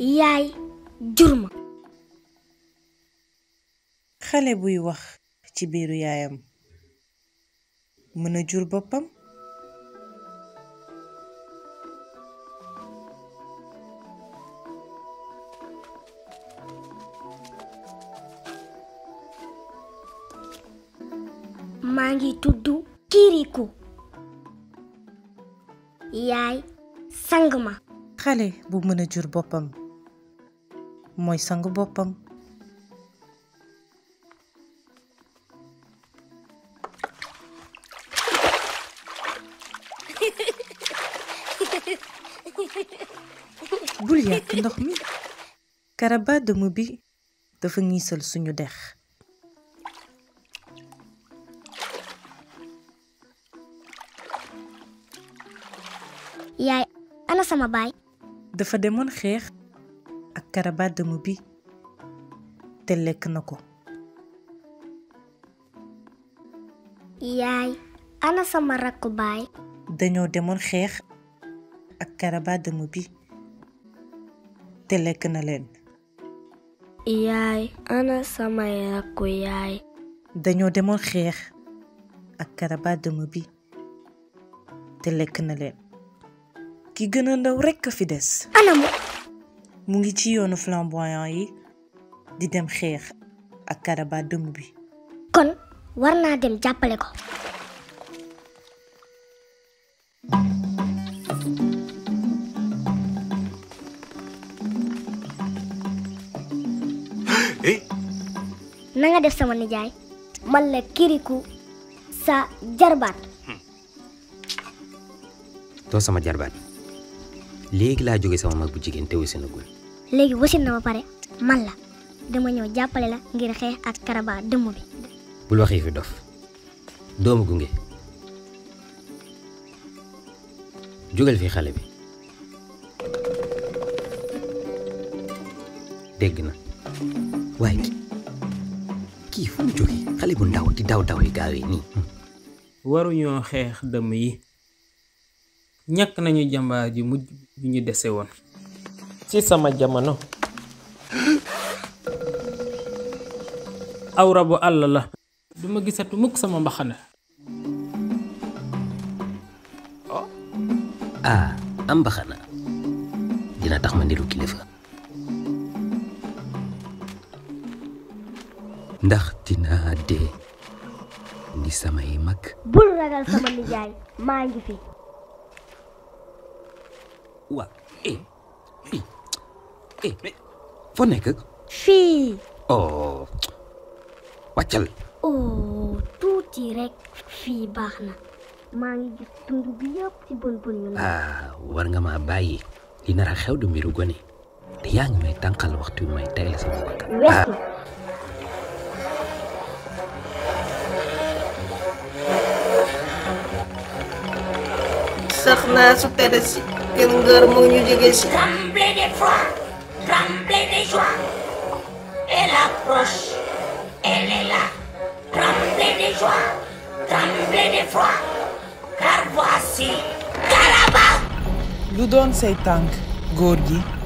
yaay jur ma xale buy wax ci biiru yaayam mën a jur boppam maa ngi tudd Kirikou yaay sang ma xale bu mën a jur boppam mooy sangu boppam bul yàq ndox mi karaba dëmm bi dafa ngiisal suñu dex yaay ana sama baay dafa demoon xeex ak karabaadama bi te lekk na ko yaay ana sama rakku baay dañoo demoon xeex ak karabaadama bi te lekk na leen yaay ana samay rakku dañoo demoon xeex ak karabaadama bi te lekk na leen ki gën ndaw rekk a fi des mu ngi ci yoonu flamboyant yi di dem xeex ak Karaba dëmm bi. kon war naa dem jàppale ko. Eh? na def sama nijaay. man la kiriku sa jarbaat. Hmm. doo sama jarbaat. léegi laa jóge sama mag bu jigéen te wasinagul léegi wasin na ba pare man la dama ñëw jàppale la ngir xeex ak karaba dëmm bi bul waxi fi dof doomu gunge jógal fi xale bi dégg na waaye ki kii fu mu jóge xale bu ndaw di daw daw yi gaawee nii waruñoo xeex dëmm yi ñàkk nañu jàmbaar ji mujj bi ñu desee woon ci sama jamono awra bu àll la duma gisatu mukk sama mbaxana ah am dina tax ma ndiru kilifa ndax dinaa dee ni samay mag waa eh eh, eh, eh foo nekk. fii. oh wàccal. oh fii baax na. maa ngi gis tund bi ah, war nga maa bàyyi. li nar a xew du mbiru gone. te yaa ngi may tànqal waxtu may tegle sama bakkan. weesu. Ah. soxna su tere si. lu doon say tànk góor gi.